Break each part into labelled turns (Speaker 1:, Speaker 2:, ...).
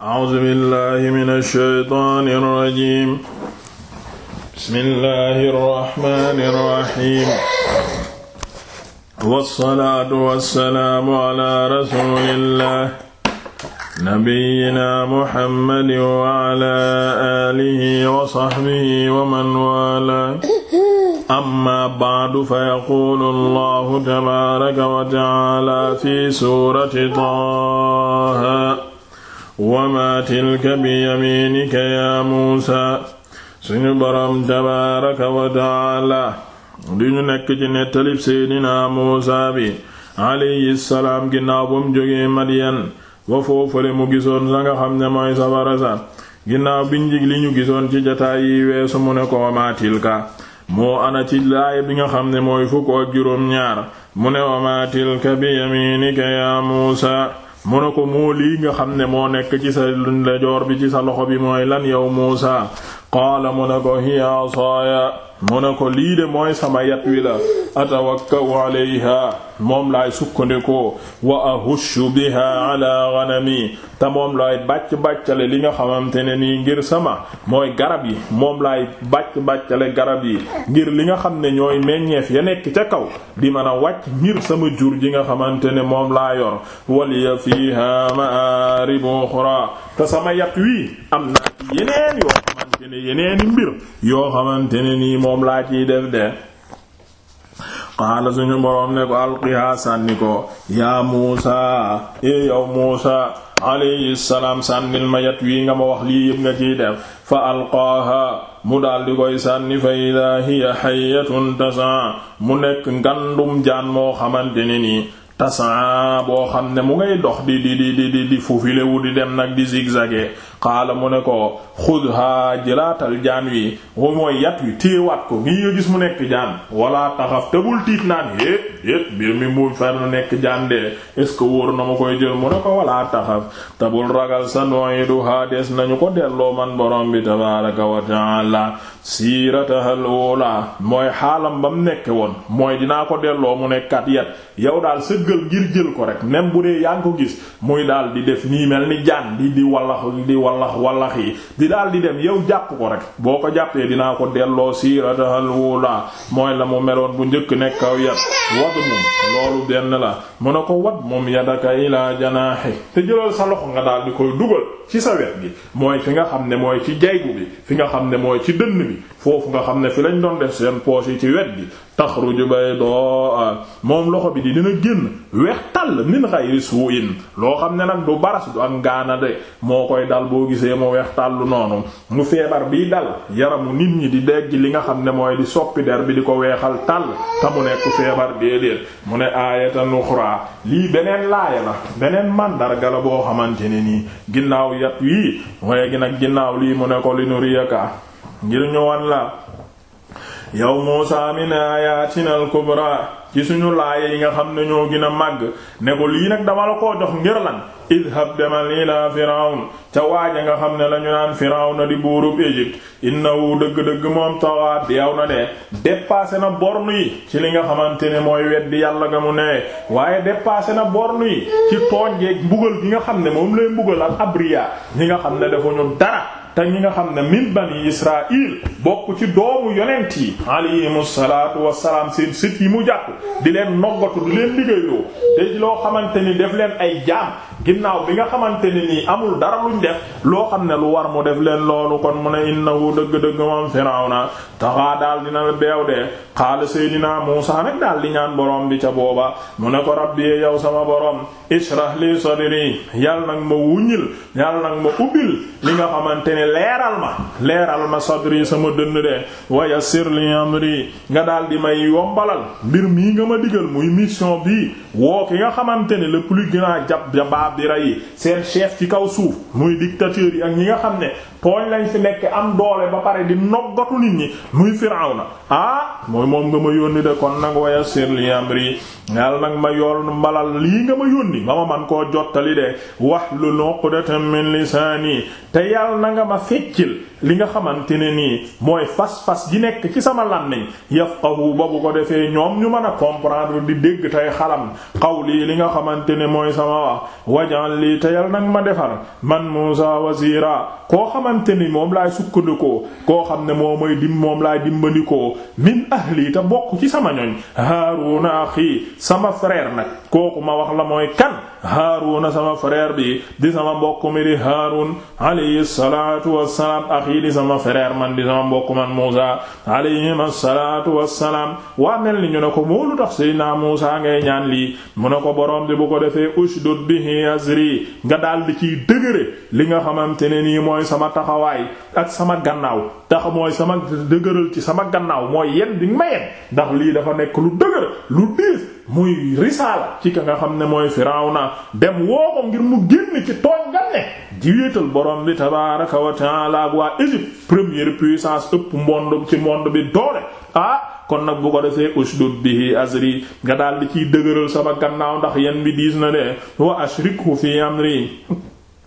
Speaker 1: A'uuzu billaahi mina shaytaani rajiim. Bismillaahi rahmaani rahiim. Wassalaatu wassalaamu alaa rasuulillaah. Nabiyyinaa Muhammad wa alaa aalihi wa sahbihi wa man waalaah. Amma ba'du fayaquulu Allaahu tabaaraka wa ta'aalaa fi suurati Taaha. wama tilka bi yaminika ya muusa suñu boroom tabaaraka wa taala du ñu nekk ci nettalib seydinaa muusa bi alayhi salaam ginnaaw ba mu jógee madyan wa foofale mu gisoon la nga xam ne mooy safara sa ginnaaw bi jig li ñu gisoon ci jataay yi weesu mu ne ko wama tilka moo ana ci laaya bi nga xam ne mooy fukk ak juróom ñaar mu ne wama tilka bi yaminika ya muusa mu ko moo lii nga xam ne moo nekk ci sa bi ci sa loxo bi mooy lan yow Muusa qaala mu ne ko hiya asaaya mu ne ko lii de mooy sama yat wi la atawakkau alayha moom laay sukkandiku wa ahushu biha ala ghanami te moom laay bàcc-bàccale li nga xamante ne nii ngir sama mooy garab yi moom laay bàcc-bàccale garab yi ngir li nga xam ne ñooy meññeef ya nekk ca kaw bi mën a wàcc ngir sama jur ji nga xamante ne moom laa yor waliya fiha ma'arib ukhra te sama yat wii am naa ci yeneen yoo xamante ne yeneeni mbir yoo xamante nii moom laa ciy def de qaala suñu boroom ne ko alqiha sànni ko yaa Muusa e yow Muusa alayhi salaam sànnil ma yat wii nga ma wax lii yëpp nga ciy def fa alqaaha mu daal koy sànni fa idaa hiya hayyatun tasaa mu nekk ngandum jaan moo xamante ne nii tasaa boo xam ne mu ngay dox di di di di di fufilewu di dem nag di zigzage qaala mu ne ko xudha jëlaatal jaan wi wo mooy yat wi téewaat ko ngi gis mu nekk jaan wala taxaf tabul tiit naan yépp mbir mi mu fer mu nekk jaan de est-ce que wóor na ma koy jël mu ne ko wala taxaf tabul ragal sa noiduha des nañu ko delloo man borom bi tabaraka wa taala siiratahal oola mooy xaalam bam nekk woon mooy dinaa ko delloo mu nekkat yat yow daal sëggal ngir jël ko rek même bu dee yaa ngi ko gis muy daal di def nii mel ni wallax wallax yi di daal di dem yow jàpp ko rek boo ko jàppee dinaa ko delloo siiratahalwulaa mooy la mu meloon bu njëkk nekk kaw yat wadu mum loolu benn la mu ne ko wat moom yadaka ila janaahi te jëlal sa loxo nga daal di koy dugal ci sa wet gi mooy fi nga xam ne mooy ci jaybu bi fi nga xam ne mooy ci dënn bi foofu nga xam ne fi lañ doon def seen poche yi ci wet gi taxruju baydaa moom loxo bi di dina génn weex tàll min ghayri su'in loo xam ne nag du baras du ak ngaana de moo koy dal boo gisee mu weex tàll noonu mu feebar bii dal yaramu nit ñi di dégg li nga xam ne mooy di soppi der bi di ko weexal tàll te mu nekk feebar déedéet mu ne aayatan uxraa lii beneen laaya la beneen màndarga la boo xamante ne nii ginnaaw yat yii mooy gi nag ginnaaw lii mu ne ko li nuriyaka ngir ñu wan la yow Muusaa min ayatina al-kubraa ci suñu laay yi nga xam ne ñoo gën a màgg ne yi nag dama la koo jox ngir lan idhab demal ila firawn ca waaja nga xam ne la ñu naan firawna di buurub Égypte innahu dëgg-dëgg moom tawaat di yaw na de dépassé na borne yi ci li nga xamante ne mooy weddi yàlla nga mu ne waaye dépassé na borne yi ci tooñ mbugal gi nga xam ne moom lay mbugal ak abriya ñi nga xam ne defuñu dara te ñi nga xam ne min bani israil bokk ci doomu yonent yi alayhimu salaatu wassalaam seen sit yi mu jàpp di leen noggatu di leen liggéeyloo te loo xamante ni def leen ay jaam ginnaaw bi nga xamante ni nii amul dara luñ def loo xam ne lu war mu def leen loolu kon mu ne innahu dëgg-dëgg moom Firawna taxaa daal dina la beew de xaala Seydina Muusaa nag daal di ñaan borom bi ca booba mu ne ko rabbi yow sama borom ishrah li yal yàlla nag ma wuññil yàlla nag ma ubbil li nga xamante ne leeral ma leeral ma sadri sama dënn de wa yassir li nga daal di may yombalal mbir mii nga ma digal muy mission bii woo ki nga xamante ne le plus mustaxdira yi seen chef ci kaw suuf muy dictateur yi ak ñi nga xam ne tooñ lañ si nekk am doole ba pare di noggatu nit ñi muy na ah mooy moom nga ma yónni de kon nag waya sirli amri yàlla nag ma yool mbalal lii nga ma yónni ba ma man koo jottali de wahlul uqdatan min lisaani te yàlla na nga ma feccil li nga xamante ne nii mooy fas-fas ji nekk ci sama làmmiñ yafqahu ba bu ko defee ñoom ñu mën a comprendre di dégg tey xalam qawli li nga xamante waj'al lii teyal nag ma defar man Muusa wazira koo xamante ni moom laay sukkandikoo koo xam ne moo mooy dim moom laay dimbandikoo min ahli te bokk ci sama ñoñ Haaruna axi sama frère nag kooku ma wax la mooy kan Haaruna sama frère bi di sama mbokk mi di Haarun alayhi salaatu wassalaam axi di sama frère man di sama mbokk man Muusa alayhim assalaatu ne ko moo lu tax Seydina Muusa ngay ñaan lii mu ne ko borom bi bu ko defee ushdud bihi azri nga daal di ciy dëgëre li nga xamante ne nii mooy sama taxawaay ak sama gannaaw tax mooy sama dëgëral ci sama gannaaw mooy yen di ma ndax lii dafa nekk lu dëgër lu diis muy risaala ci ka nga xam ne mooy Firawna dem woo ko ngir mu génn ci tooñ nga ne jiital borom bi tabaaraka wa ta'aala ak waa Égypte première puissance ëpp monde ci monde bi doole ah kon nag bu ko defee bi bihi azri nga daal di ciy dëgëral sama gannaaw ndax yan bi diis na de wa ashrikhu fi amri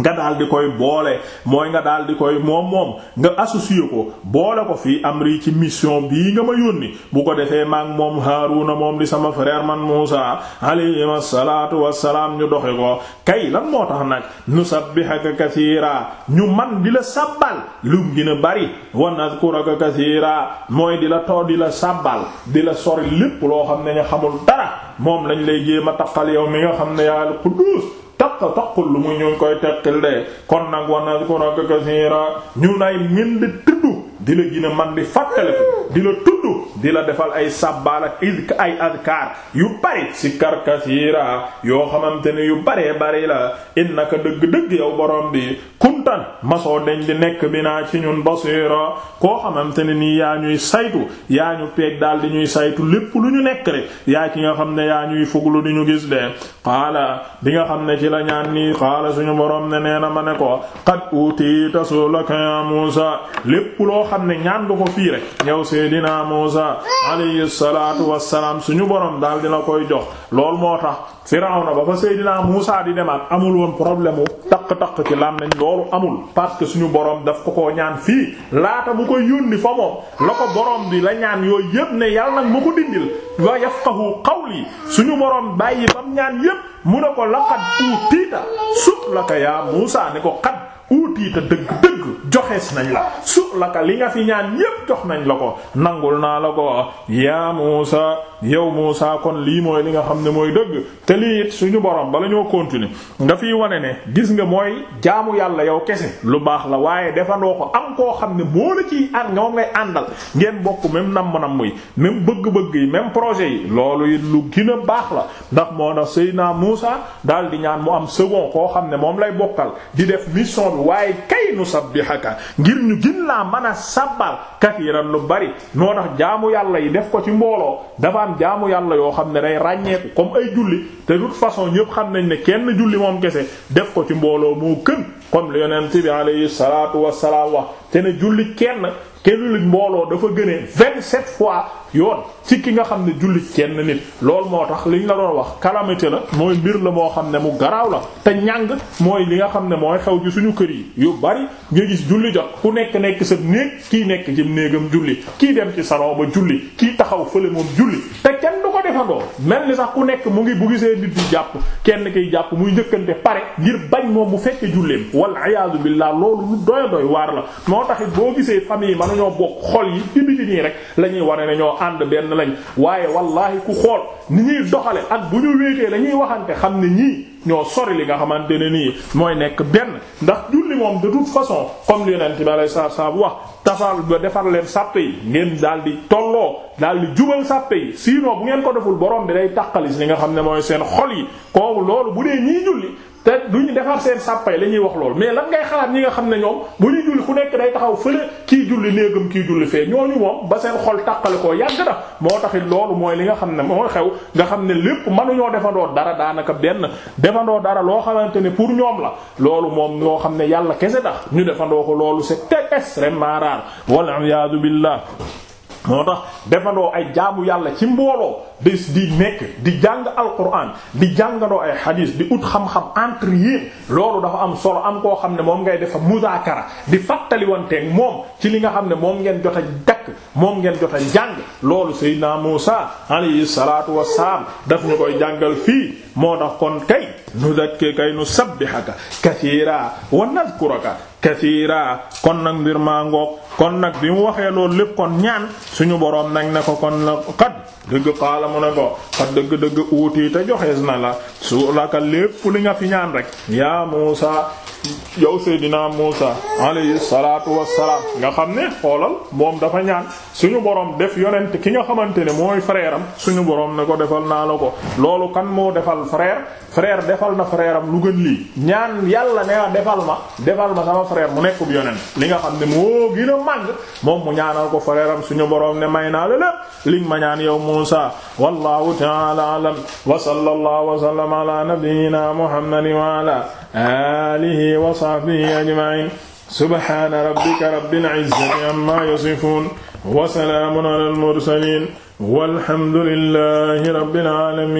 Speaker 1: nga daal di koy boole mooy nga daal di koy moom moom nga associé ko boole ko fii amri ci mission bii nga ma yónni bu ko defee maag moom Haaruna moom di sama frère man Muusa alayhi salaatu wassalaam ñu doxe ko kay lan moo tax nag nusabbihaka kasiira ñu man di la sabbal lu gën a bari wa nazkuraka kasiira mooy di la too di la sabbal di la sori lépp loo xam ne ñu xamul dara moom lañ lay jéem a taqal yow mi nga xam ne yaa al-Quddus taq takkul lu mu ñu koy teqil de kon nag war na ko nag kasiira ñu nay ngeen di tudd di la gën a man di fàttale di la tudd di la defal ay sàbbaal ak ay adkaar yu bari si kar kasiira yoo xamante ne yu baree bari la innaka dëgg-dëgg yow borom bi kuntan masoo deñ di nekk bi naa ci ñun basira koo xamante ne nii yaa ñuy saytu yaa ñu peeg daal di ñuy saytu lépp lu ñu nekk rek yaa ci nga xam ne yaa ñuy fuglu di ñu gis de xaala bi nga xam ne ci la ñaan nii xaala suñu borom ne nee na ma ne ko qad utiita sulaka ya Muusa lépp loo xam ne ñaan du ko fii rek yow Seydina Muusa alayhi salaatu wassalaam suñu borom daal dina koy jox lool moo tax Firawna ba fa Seydina Muusa di demaat amul woon problème wu takk-takk ci lam nañ loolu amul parce que suñu borom daf ko koo ñaan fii laata mu koy yónni fa moom la ko boroom bi la ñaan yooyu yëpp ne yàlla nag ma ko dindil wa yafqahu qawli suñu borom bàyyi bam ñaan yëpp mu ne ko laqad utiita su'laka ya Muusa ne ko qad utiita dëgg dëgg joxees nañ la laka li nga fi ñaan yépp jox nañ la ko nangul naa la ko yaa Muusa yow Muusa kon lii mooy li nga xam ne mooy dëgg te lii it suñu borom bala ñoo continuer nga fiy wane ne gis nga mooy jaamu yàlla yow kese lu baax la waaye defandoo ko am koo xam ne moo la ciy ànd nga moom ngay àndal ngeen bokk même namm-namm yi même bëgg-bëgg yi même projet yi loolu it lu gën a baax la ndax moo tax naa Muusa daal di ñaan mu am second koo xam ne moom lay bokkal di def bi waaye kay mën a sabbal kathiran lu bari noo tax jaamu yàlla yi def ko ci mbooloo dafa am jaamu yàlla yoo xam ne day ràññeeku comme ay julli te de toute façon ñëpp xam nañ ne kenn julli moom kese def ko ci mbooloo moo kën comme li yonent bi alayhi salaatu wassalaam wax te ne julli kenn kenn mbooloo dafa gënee vingt-sept fois yoon ci ki nga xam ne julli kenn nit lool moo tax liñ la doon wax calamité la mooy mbir la moo xam ne mu garaaw la te ñàng mooy li nga xam ne mooy xew ci suñu kër yi yu bari nga gis julli jot ku nekk nekk sa néeg kii nekk ci néegam julli kii dem ci salon ba julli kii taxaw fële moom julli te kenn ko defandoo mel ni sax ku nekk mu ngi bu gisee nit jàpp kenn kiy jàpp muy njëkkante pare ngir bañ moom bu fekkee julleem wal iyaadu billah loolu lu doy waar la moo taxit boo gisee yi man ñoo bokk xool yi ci biti nii rek la ñuy wane ne ñoo ànd benn lañ waaye wallahi ku xool ni ñuy doxale ak bu ñu wéetee la ñuy waxante xam ne ñii ñoo sori li nga xamante ne nii mooy nekk benn ndax julli moom de toute façon comme li yonent bi alayhi salaatu salaam wax tafal ba defar leen yi ngeen daal di tolloo daal di jubal sàppe yi sinon bu ngeen ko deful borom bi day tàqalis li nga xam ne mooy seen xol yi kooku loolu bu dee ñii julli te duñu defar seen sàppe yi wax loolu mais lan ngay xalaat ñi nga xam ne ñoom bu ñuy julli ku nekk day taxaw fële kii julli néegam kii julli fee ñooñu moom ba seen xol tàqale koo yàgg na moo taxit loolu mooy li nga xam ne moo xew nga xam ne lépp mënuñoo defandoo dara daanaka benn defandoo dara loo xamante ne pour ñoom la loolu moom ñoo xam ne yàlla kooku loolu c'est extrêmement rare wal iyaadu billah moo tax defandoo ay jaamu yàlla ci mbooloo des di nekk di jàng alquran di jàngandoo ay hadith di ut xam-xam entre yéen loolu dafa am solo am koo xam ne moom ngay defa mudaakara di fàttaliwanteeg moom ci li nga xam ne moom ngeen jot a fekk moom ngeen jot a jàng loolu Seydina Muusa alayhi salaatu wassalaam daf ñu koy jàngal fii moo tax kon kay nu dakke kay nu sabbihaka kathiira wa nadhkuraka kathiira kon nag mbir màngo kon nag bi mu waxee loolu lépp kon ñaan suñu boroom nag ne ko kon la xat dëgg xaala mu ne ko xat dëgg-dëgg uutii te joxees na la su laka lépp li nga fi ñaan rek yaa Muusa yow Seydina Muusa alayhi salaatu wassalaam nga xam ne xoolal moom dafa ñaan suñu boroom def yonent ki nga xamante ne mooy frère am suñu borom ne ko defal naa la ko loolu kan moo defal frère frère defal na frère am lu gën lii ñaan yàlla ne la defal ma defal ma sama frère mu nekkub yonent li nga xam ne moo gën a màgg moom mu ñaanal ko frère am suñu borom ne may naa la lépp liñ ma ñaan yow Muusa wallahu ta'ala alam wa sallallahu wa sallama ala nabiyyina alihi wa sahbihi ajma'in subhana rabbika rabbil izzati amma yasifun wa salaamun alal mursalin walhamdulillahi rabbil alamin